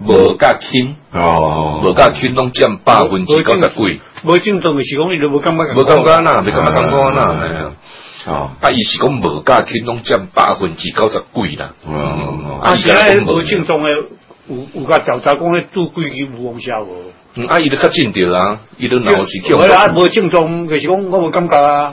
無甲醛哦，無甲醛，攏占百分之九十幾。無正宗誒是講你著無感覺，覺，無感覺嗱，你感覺感覺嗱，係哦，啊，伊是講無甲醛，攏占百分之九十幾啦。嗯、啊，而家係無正宗誒、啊，有有，有個調查講誒，做貴嘅無咁少嗯，啊，伊著較正啲啦，伊著鬧事強。無正宗，其實講，我無感覺啊。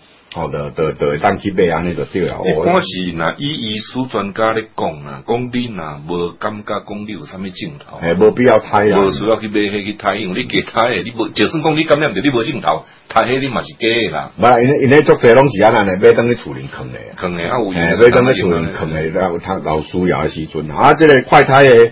好的、anyway, er、的，的、啊、的，咱去買安尼就對了。我是那以醫術專家咧講啊，講恁呐無感覺，講恁有啥物鏡頭？係無必要睇啊，無需要去買去睇，因為你加睇誒，你無就算講你感染，唔你無鏡頭，睇迄你嘛是假誒啦。無，因因咧做蛇攏是安尼買等去厝裏坑誒，坑誒啊！所以等於厝裏坑誒，然後他老鼠也是準啊，即個快睇誒。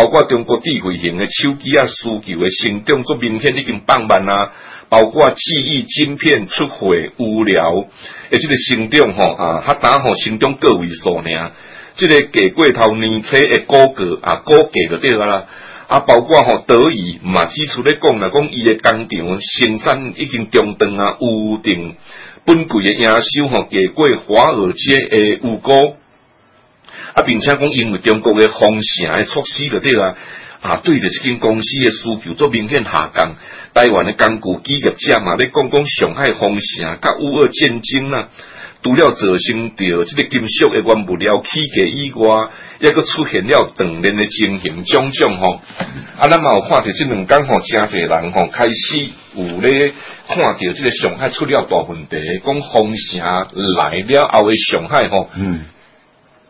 包括中國智慧型嘅手機啊，需求嘅成長都明顯已經放緩啊。包括記憶晶片出貨有了，誒即個成長吼啊，它單吼成長個位數爾。即、這個給過頭年初誒高價啊，高價就掉啦。啊，包括吼、哦、德儀嘛，基礎咧講啦講伊誒工廠生產已經中斷啊，定有定本季誒營收吼，給過華爾街嘅預估。啊，並且講因為中國嘅封城嘅措施，就對了啊？啊，對着一間公司嘅需求，做明顯下降。台灣嘅工具企業家嘛，咧講講上海封城，甲俄烏戰爭啦，除了造成到即個金屬嘅原物料起價以外，抑擱出現了長年嘅情形，種種吼、哦。啊，咱嘛有看到這兩天吼、哦，真儕人吼、哦、開始有咧看到即個上海出了大問題，講封城來了後，上海吼、哦。嗯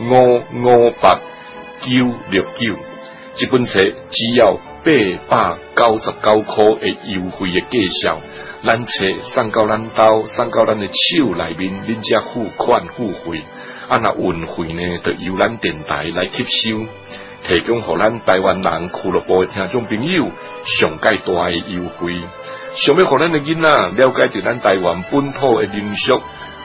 五五八九六九，即本冊只要八百九十九塊的優惠嘅介紹咱冊送到咱兜，送到咱嘅手內面，恁才付款付費。啊，那運費呢，著由咱電台來接收，提供予咱台灣人俱樂部聽眾朋友上蓋大嘅優惠，想要互咱嘅囡仔了解著咱台灣本土嘅民俗。